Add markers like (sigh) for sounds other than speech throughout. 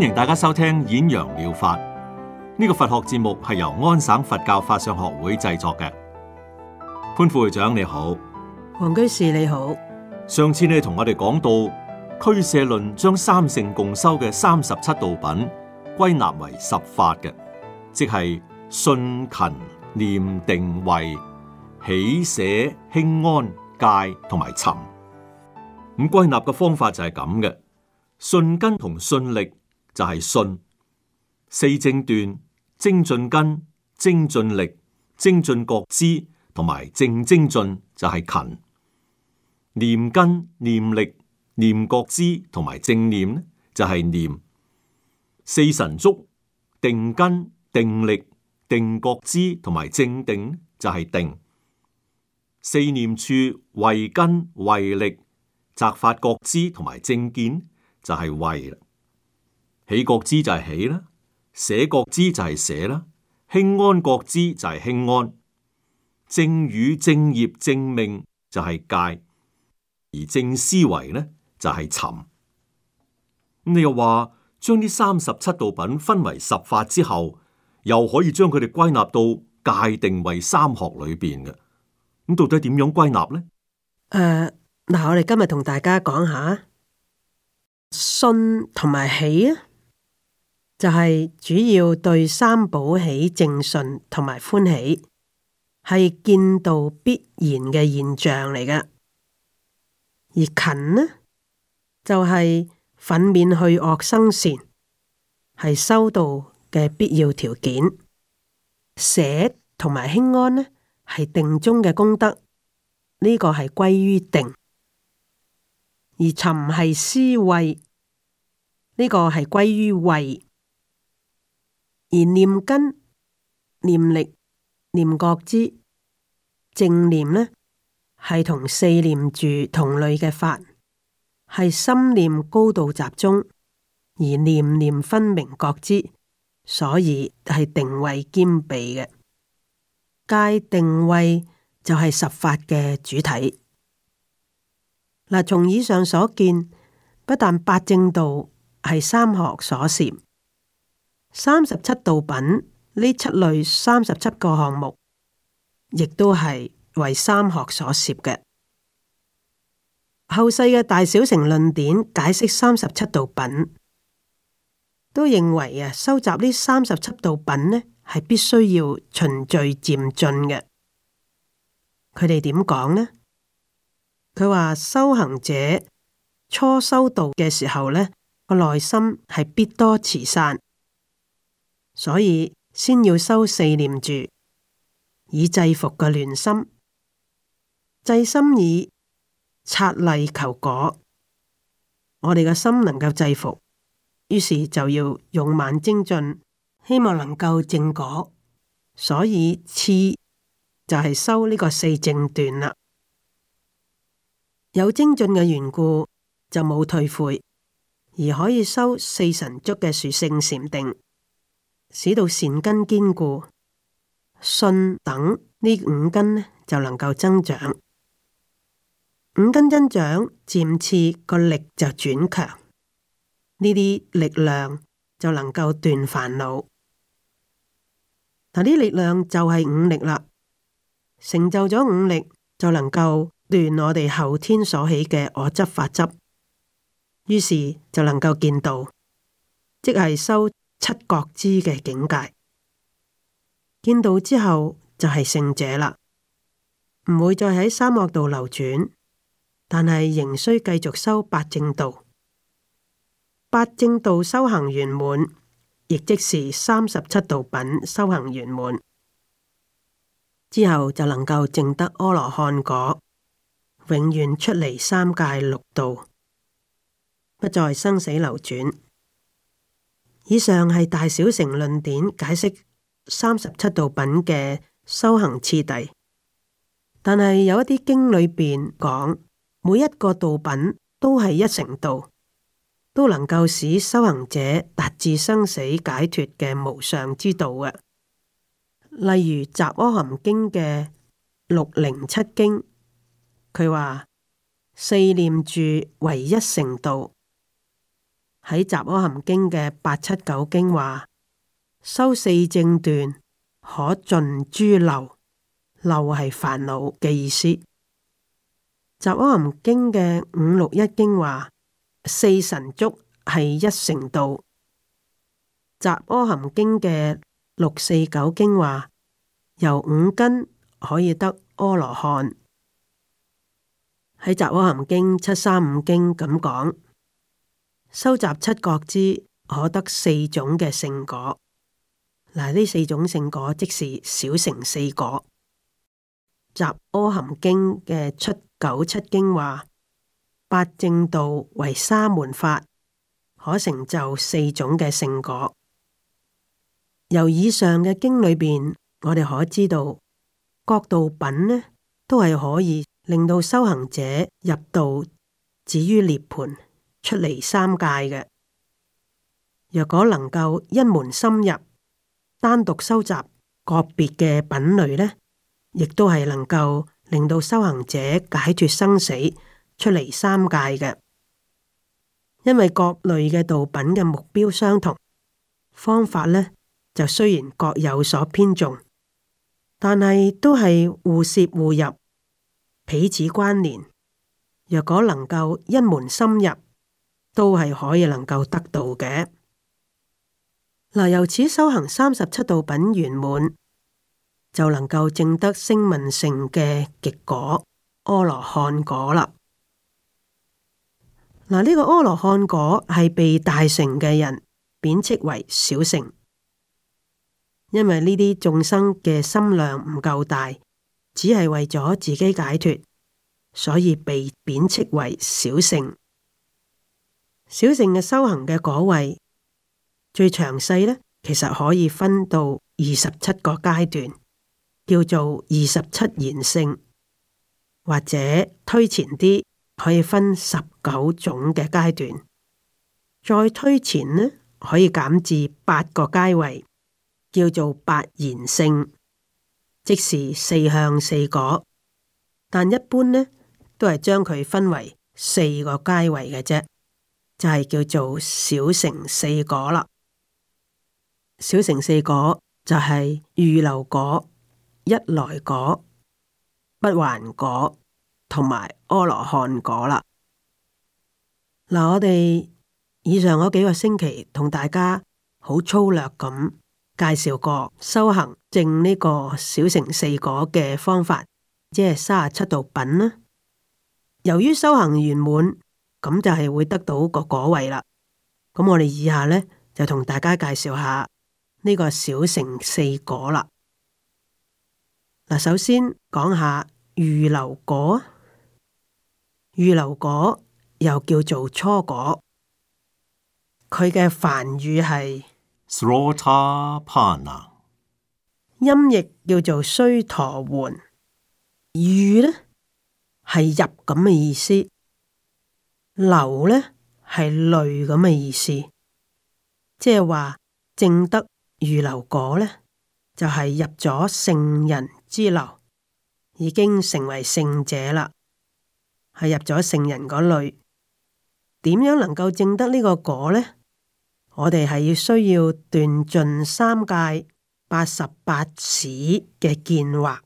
歡迎大家收聽演揚妙法呢、這個佛學節目，係由安省佛教法相學會製作嘅。潘副會長你好，黃居士你好。上次你同我哋講到，俱舍論將三乘共修嘅三十七道品歸納為十法嘅，即係信、勤、勤、念、定、慧、喜、捨、輕、安、戒同埋尋。咁歸納嘅方法就係咁嘅，信根同信力。就係信。四正斷：精進根、精進力、精進覺支同埋正精進就係勤。念根、念力、念覺支同埋正念就係念。四神足，定根、定力、定覺支同埋正定就係定。四念處，慧根、慧力、擇法覺支同埋正見就係慧。喜覺支就係喜啦，捨覺支就係捨啦，輕安覺支就係輕安，正語正業正命就係戒，而正思維咧就係沉。咁你又話將呢三十七道品分為十法之後，又可以將佢哋歸納到戒定為三學裏邊嘅。咁到底點樣歸納咧？誒、呃，嗱，我哋今日同大家講下信同埋喜。啊。就係主要對三寶起正信同埋歡喜，係見道必然嘅現象嚟嘅。而勤呢，就係奮勉去惡生善，係修道嘅必要條件。捨同埋輕安呢，係定中嘅功德，呢、這個係歸於定。而沉係思慧，呢、這個係歸於慧。而念根、念力、念覺支正念呢，係同四念住同類嘅法，係心念高度集中而念念分明覺知，所以係定慧兼備嘅。戒定慧就係十法嘅主體嗱。從以上所見，不但八正道係三學所攝，三十七道品呢七類三十七個項目，亦都係為三學所攝嘅。後世嘅大小乘論典解釋三十七道品，都認為啊，收集呢三十七道品呢係必須要循序漸進嘅。佢哋點講呢？佢話修行者初修道嘅時候呢，個內心係必多慈善。所以先要修四念住，以制服嘅亂心，制心以察例求果。我哋嘅心能夠制服，於是就要勇猛精進，希望能夠正果。所以次就係修呢個四正斷啦。有精進嘅緣故，就冇退悔，而可以修四神足嘅殊勝禪定。使到善根堅固，信等呢五根就能夠增長，五根增長漸次個力就轉強，呢啲力量就能夠斷煩惱。嗱，啲力量就係五力啦，成就咗五力就能夠斷我哋後天所起嘅我執、法執，於是就能夠見道，即係收。七覺支嘅境界，見到之後就係、是、聖者啦，唔會再喺三惡道流轉，但係仍需繼續修八正道。八正道修行圓滿，亦即是三十七道品修行圓滿之後，就能夠證得阿羅漢果，永遠出嚟三界六道，不再生死流轉。以上係大小乘論典解釋三十七道品嘅修行次第，但係有一啲經裏邊講，每一個道品都係一成道，都能夠使修行者達至生死解脫嘅無上之道啊。例如《雜阿含經》嘅六零七經，佢話四念住唯一成道。喺《雜阿含經》嘅八七九經話，修四正斷，可盡諸漏，漏係煩惱嘅意思。《雜阿含經》嘅五六一經話，四神足係一成道。《雜阿含經》嘅六四九經話，由五根可以得阿羅漢。喺《雜阿含經》七三五經咁講。收集七覺支，可得四種嘅聖果。嗱，呢四種聖果即是小乘四果。雜阿含經嘅七九七經話，八正道為沙門法，可成就四種嘅聖果。由以上嘅經裏邊，我哋可知道，覺道品呢都係可以令到修行者入道，止於涅槃。出離三界嘅。若果能夠一門深入，單獨收集個別嘅品類呢，亦都係能夠令到修行者解脫生死，出離三界嘅。因為各類嘅道品嘅目標相同，方法呢就雖然各有所偏重，但係都係互涉互入，彼此關聯。若果能夠一門深入。都係可以能夠得到嘅。嗱，由此修行三十七道品圓滿，就能夠證得聲聞乘嘅極果阿羅漢果啦。嗱，呢個阿羅漢果係被大乘嘅人貶斥為小乘，因為呢啲眾生嘅心量唔夠大，只係為咗自己解脫，所以被貶斥為小乘。小乘嘅修行嘅果位最詳細呢，其實可以分到二十七個階段，叫做二十七賢聖，或者推前啲可以分十九種嘅階段，再推前呢，可以減至八個階位，叫做八賢聖，即是四向四果。但一般呢，都係將佢分為四個階位嘅啫。就係叫做小乘四果啦，小乘四果就係預流果、一來果、不還果同埋阿羅漢果啦。嗱，我哋以上嗰幾個星期同大家好粗略咁介紹過修行證呢個小乘四果嘅方法，即係三十七道品啦。由於修行完滿。咁就係會得到個果位啦。咁我哋以下呢，就同大家介紹下呢個小乘四果啦。嗱，首先講下預流果，預流果又叫做初果，佢嘅梵語係 srotapana，音譯叫做須陀洹，預呢係入咁嘅意思。流呢係類，咁嘅意思，即係話證得預流果呢，就係、是、入咗聖人之流，已經成為聖者啦，係入咗聖人嗰類。點樣能夠證得呢個果呢？我哋係要需要斷盡三界八十八使嘅見惑。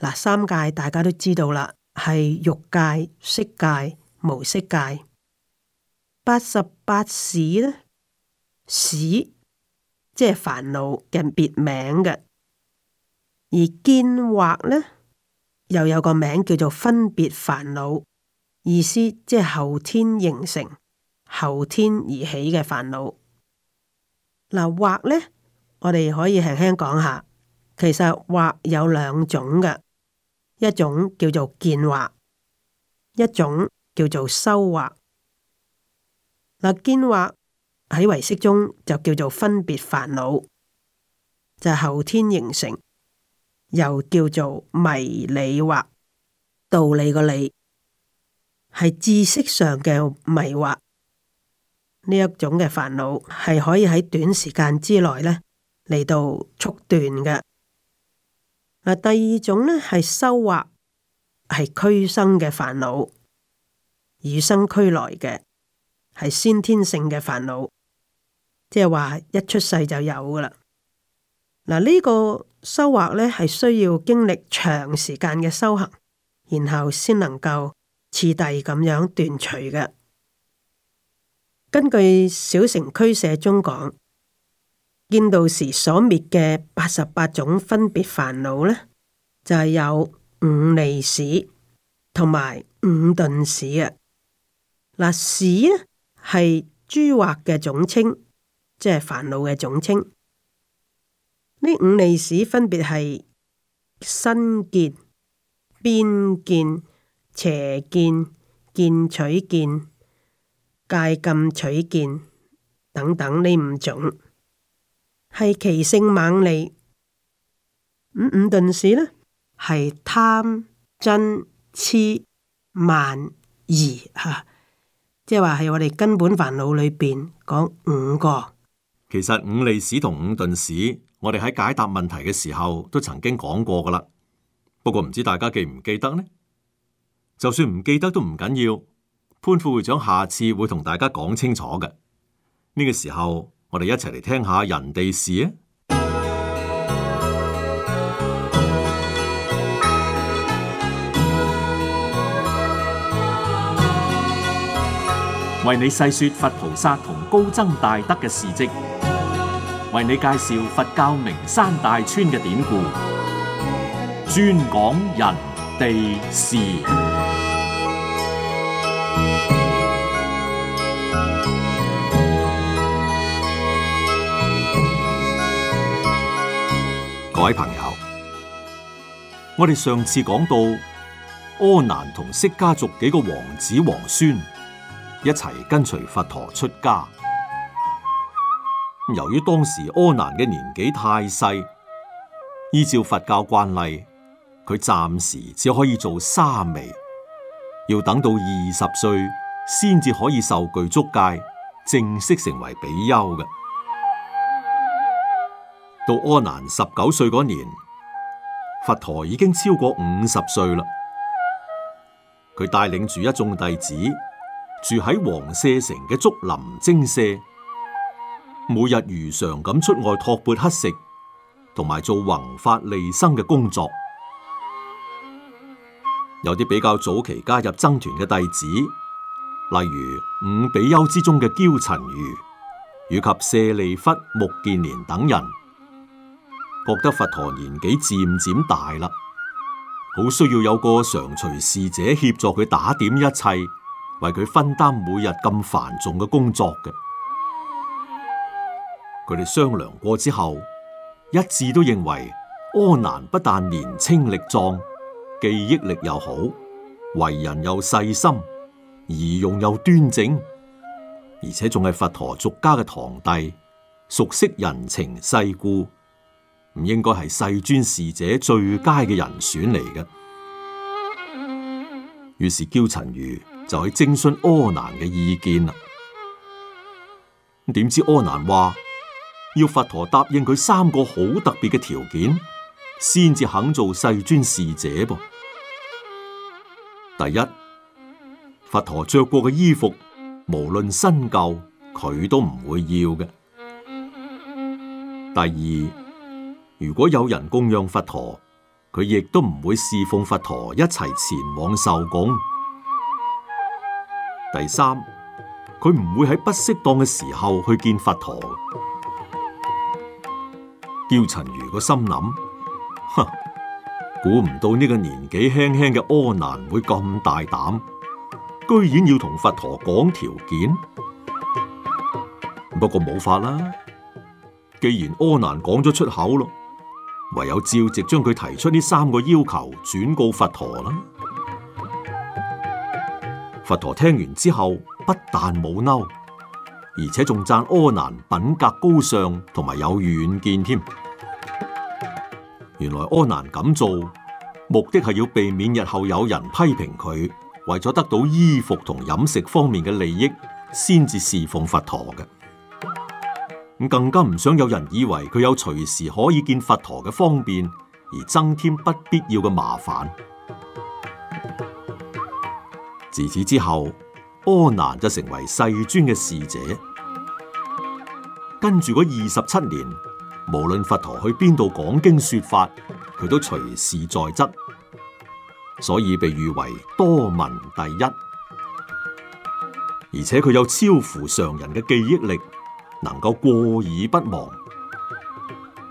嗱，三界大家都知道啦，係欲界、色界，無色界，八十八使呢，使即係煩惱嘅別名嘅，而見惑呢又有個名叫做分別煩惱，意思即係後天形成、後天而起嘅煩惱。嗱、啊，惑呢，我哋可以輕輕講下，其實惑有兩種嘅，一種叫做見惑，一種，叫做修惑，嗱，見惑喺唯識中就叫做分別煩惱，就係、是、後天形成，又叫做迷理惑，道理個理係知識上嘅迷惑，呢一種嘅煩惱係可以喺短時間之內咧嚟，到速斷嘅。嗱，第二種咧係修惑，係俱生嘅煩惱。與生俱來嘅係先天性嘅煩惱，即係話一出世就有噶啦。嗱、這、呢個修惑呢係需要經歷長時間嘅修行，然後先能夠次第咁樣斷除嘅。根據小乘《俱舍》中講，見道時所滅嘅八十八種分別煩惱呢，就係、是、有五利使同埋五鈍使啊。嗱，使呢係諸惑嘅總稱，即係煩惱嘅總稱。呢五利使分別係身見、邊見、邪見、見取見、戒禁取見等等呢五種，係其性猛利。五五鈍使呢，係貪、瞋、痴、慢、疑吓。 (laughs) 即係話係我哋根本煩惱裏邊講五個，其實五利使同五鈍使，我哋喺解答問題嘅時候都曾經講過噶啦。不過唔知大家記唔記得呢？就算唔記得都唔緊要，潘副會長下次會同大家講清楚嘅。呢個時候我哋一齊嚟聽下人哋事啊！為你細說佛菩薩同高僧大德嘅事迹，為你介紹佛教名山大川嘅典故，專講人地事。各位朋友，我哋上次講到阿難同釋迦族幾個王子皇孫。一齊跟隨佛陀出家。由於當時阿難嘅年紀太細，依照佛教慣例，佢暫時只可以做沙彌，要等到二十歲先至可以受具足戒，正式成為比丘嘅。到阿難十九歲嗰年，佛陀已經超過五十歲啦。佢帶領住一眾弟子，住喺王舍城嘅竹林精舍，每日如常咁出外托缽乞食，同埋做弘法利生嘅工作。有啲比較早期加入僧團嘅弟子，例如五比丘之中嘅憍陳如，以及舍利弗、目犍連等人，覺得佛陀年紀漸漸大啦，好需要有個常隨侍者協助佢打點一切。為佢分擔每日咁繁重嘅工作嘅。佢哋商量過之後，一致都認為阿難不但年輕力壯，記憶力又好，為人又細心，儀容又端正，而且仲係佛陀俗家嘅堂弟，熟悉人情世故，唔應該係世尊使者最佳嘅人選嚟嘅。於是憍陳如，就係徵詢阿難嘅意見啦。點知阿難話要佛陀答應佢三個好特別嘅條件，先至肯做世尊侍者噃。第一，佛陀着過嘅衣服，無論新舊，佢都唔會要嘅。第二，如果有人供養佛陀，佢亦都唔會侍奉佛陀一齊前往受供。第三，佢唔會喺不適當嘅時候去見佛陀。叫陳如個心諗，哼，估唔到呢個年紀輕輕嘅阿難會咁大膽，居然要同佛陀講條件。不過冇法啦，既然阿難講咗出口咯，唯有照直將佢提出呢三個要求轉告佛陀啦。佛陀聽完之後，不但冇嬲，而且仲讚阿難品格高尚同埋有遠見添。原來阿難咁做，目的係要避免日後有人批評佢，為咗得到衣服同飲食方面嘅利益，先至侍奉佛陀嘅。咁更加唔想有人以為佢有隨時可以見佛陀嘅方便，而增添不必要嘅麻煩。自此之後，阿難就成為世尊嘅侍者，跟住嗰二十七年，無論佛陀去邊度講經說法，佢都隨時在側，所以被譽為多聞第一。而且佢有超乎常人嘅記憶力，能夠過耳不忘，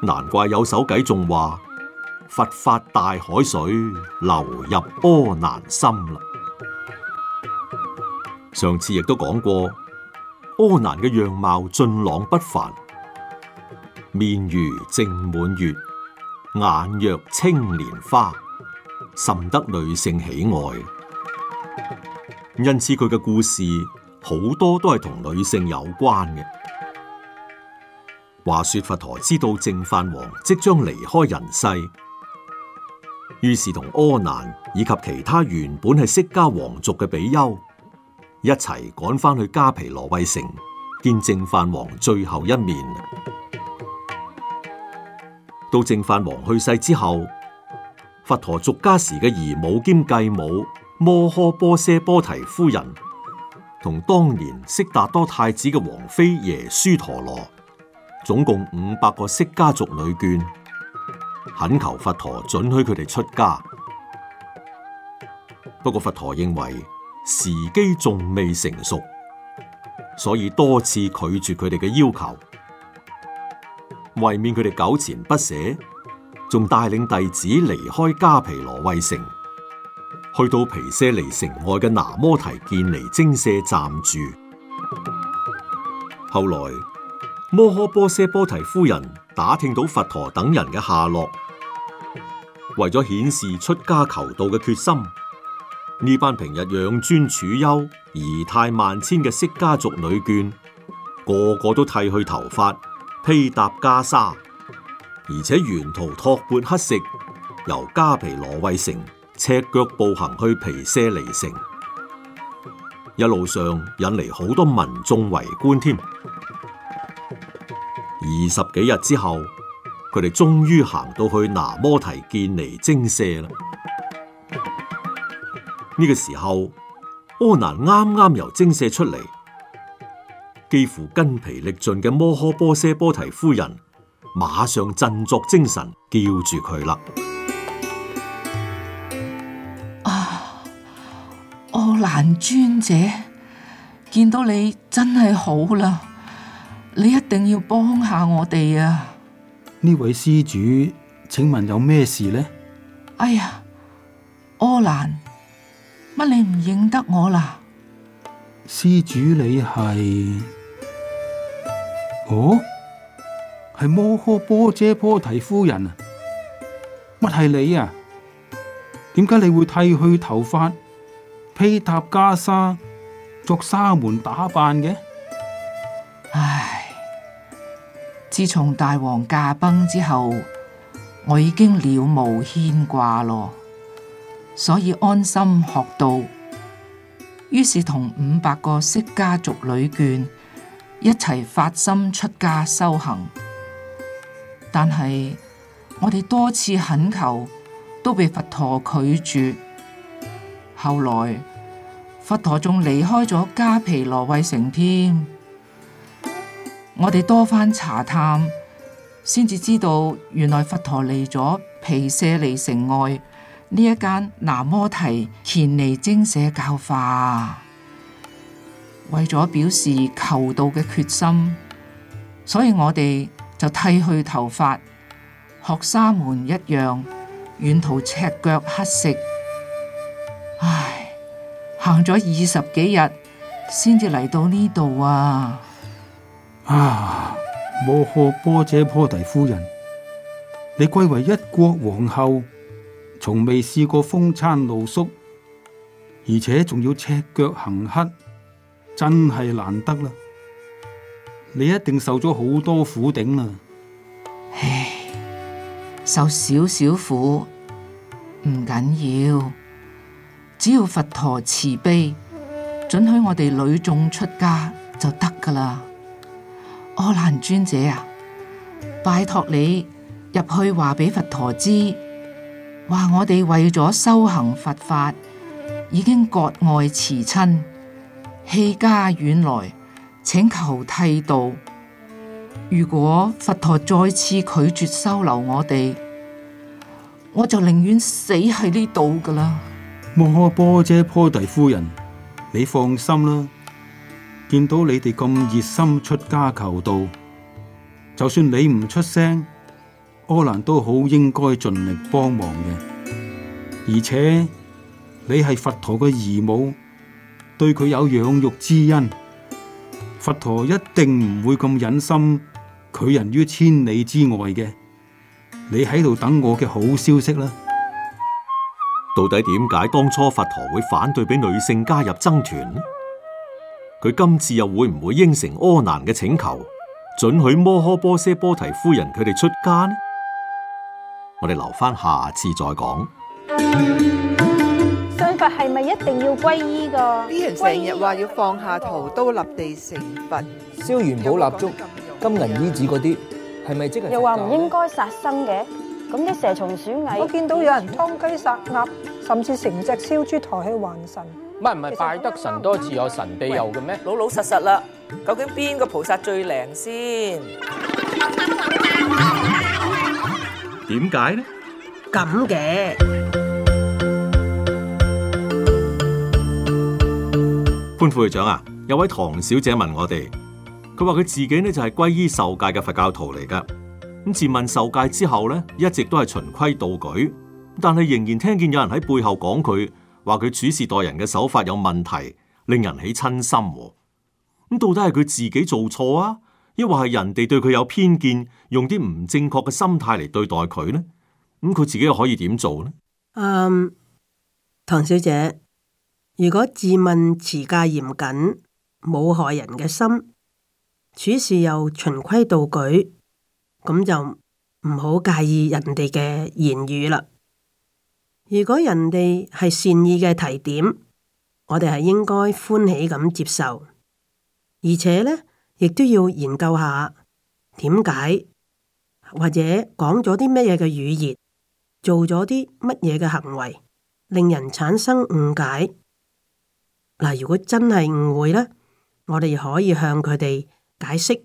難怪有首偈仲話：佛法大海水流入阿難心啦。上次亦都講過，阿難嘅樣貌俊朗不凡，面如淨滿月，眼若青蓮花，甚得女性喜愛。因此佢嘅故事好多都係同女性有關嘅。話說佛陀知道淨飯王即將離開人世，於是同阿難以及其他原本係釋迦王族嘅比丘。一齊趕返去加皮羅衛城見淨飯王最後一面。到淨飯王去世之後，佛陀俗家時嘅姨母兼繼母摩訶波奢波提夫人，同當年悉達多太子嘅王妃耶輸陀羅，總共五百個釋迦族女眷，懇求佛陀准許佢哋出家。不過佛陀認為。時機仲未成熟，所以多次拒絕佢哋嘅要求，為免佢哋糾纏不捨，仲帶領弟子離開加皮羅衛城，去到皮舍尼城外嘅拿摩提建尼精舍暫住。後來摩訶波舍波提夫人打聽到佛陀等人嘅下落，為咗顯示出家求道嘅決心。呢班平日養尊處優、儀態萬千嘅釋家族女眷，個個都剃去頭髮，披搭袈裟，而且沿途托缽乞食，由加皮羅衛城赤腳步行去皮舍離城，一路上引嚟好多民眾圍觀添。二十幾日之後，佢哋終於行到去拿摩提犍尼精舍啦。呢個時候，阿難啱啱由精舍出嚟，幾乎筋疲力盡嘅摩訶波些波提夫人，馬上振作精神，叫住佢啦。啊，阿難尊者，見到你真係好啦，你一定要幫下我哋啊！呢位施主，請問有咩事呢？哎呀，阿難。乜，你唔認得我啦？施主你係？哦，係摩訶波阇波提夫人啊！乜係你啊？點解你會剃去頭髮、披搭袈裟、作沙門打扮嘅？唉，自從大王駕崩之後，我已經了無牽掛咯。所以安心學道，於是同五百個釋迦族女眷一齊發心出家修行。但係我哋多次懇求都被佛陀拒絕。後來佛陀仲離開咗迦毗羅衛城添。我哋多番查探，先至知道原來佛陀嚟咗毗舍離城外。呢一間南摩提虔尼精舍教化，為咗表示求道嘅決心，所以我哋就剃去頭髮，學沙門一樣，沿途赤腳乞食。唉，行咗二十幾日，先至嚟到呢度啊！摩訶、啊啊、波闍波提夫人，你貴為一國皇后。從未試過風餐露宿，而且仲要赤腳行乞，真係難得啦！你一定受咗好多苦頂啦！唉，受少少苦唔緊要，只要佛陀慈悲准許我哋女眾出家就得噶啦。阿難尊者啊，拜託你入去話俾佛陀知。話我哋為咗修行佛法，已經割愛辭親，棄家遠來請求剃度。如果佛陀再次拒絕收留我哋，我就寧願死喺呢度噶啦。摩訶波闍波提夫人，你放心啦，見到你哋咁熱心出家求道，就算你唔出聲。柯南都好應該盡力幫忙嘅，而且你係佛陀嘅姨母，對佢有養育之恩，佛陀一定唔會咁忍心拒人於千里之外嘅。你喺度等我嘅好消息啦。到底點解當初佛陀會反對俾女性加入僧團呢？佢今次又會唔會應承阿難嘅請求，准許摩訶波些波提夫人佢哋出家呢？我哋留返下次再講。信佛係咪一定要皈依㗎？成日話要放下屠刀立地成佛，燒元寶蠟燭、金銀衣紙嗰啲，係咪即係？又話唔應該殺生嘅，咁啲蛇蟲鼠蟻，我見到有人殺雞殺鴨，甚至成隻燒豬抬去還神。唔係唔係，拜得神多自有神庇佑嘅咩？老老實實啦，究竟邊個菩薩最靚先？點解呢？咁嘅，潘副會長啊，有位唐小姐問我哋，佢話佢自己呢就係皈依受戒嘅佛教徒嚟噶，咁自問受戒之後呢，一直都係循規蹈矩，但係仍然聽見有人喺背後講佢，話佢處事待人嘅手法有問題，令人起瞋心啊。咁到底係佢自己做錯啊？抑或係人哋對佢有偏見，用啲唔正確嘅心態嚟對待佢呢？咁佢自己又可以點做呢？嗯，um, 唐小姐，如果自問持戒嚴謹，冇害人嘅心，處事又循規蹈矩，咁就唔好介意人哋嘅言語啦。如果人哋係善意嘅提點，我哋係應該歡喜咁接受，而且呢，亦都要研究下點解，或者講咗啲乜嘢嘅語言，做咗啲乜嘢嘅行為，令人產生誤解。嗱，如果真係誤會咧，我哋可以向佢哋解釋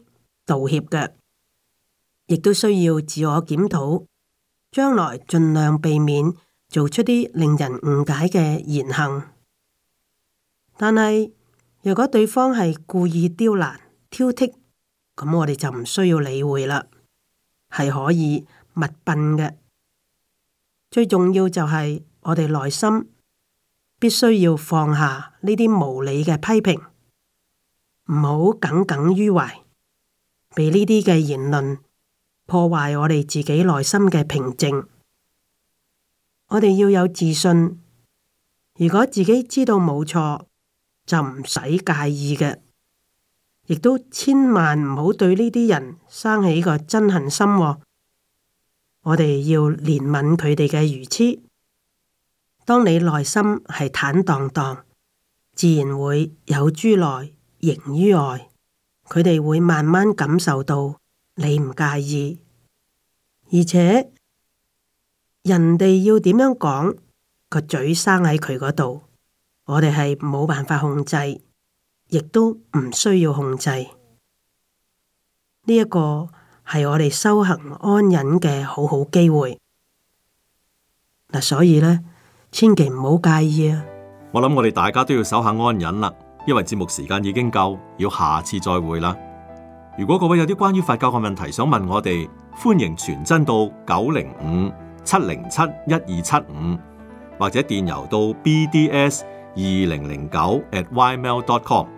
道歉嘅，亦都需要自我檢討，將來盡量避免做出啲令人誤解嘅言行。但係，如果對方係故意刁難，挑剔，咁我哋就唔需要理會啦，係可以密笨嘅。最重要就係我哋內心必須要放下呢啲無理嘅批評，唔好耿耿於懷，被呢啲嘅言論破壞我哋自己內心嘅平靜。我哋要有自信，如果自己知道冇錯，就唔使介意嘅。亦都千萬唔好對呢啲人生起個憎恨心，哦，我哋要憐憫佢哋嘅愚痴。當你內心係坦蕩蕩，自然會有諸內形於外，佢哋會慢慢感受到你唔介意。而且人哋要點樣講，個嘴生喺佢嗰度，我哋係冇辦法控制。亦都唔需要控制，呢一個係我哋修行安忍嘅好好機會。嗱，所以咧，千祈唔好介意啊！我諗我哋大家都要守下安忍啦，因為節目時間已經夠，要下次再會啦。如果各位有啲關於佛教嘅問題想問我哋，歡迎傳真到九零五七零七一二七五，75，或者電郵到 bds 二零零九 @ymail.com。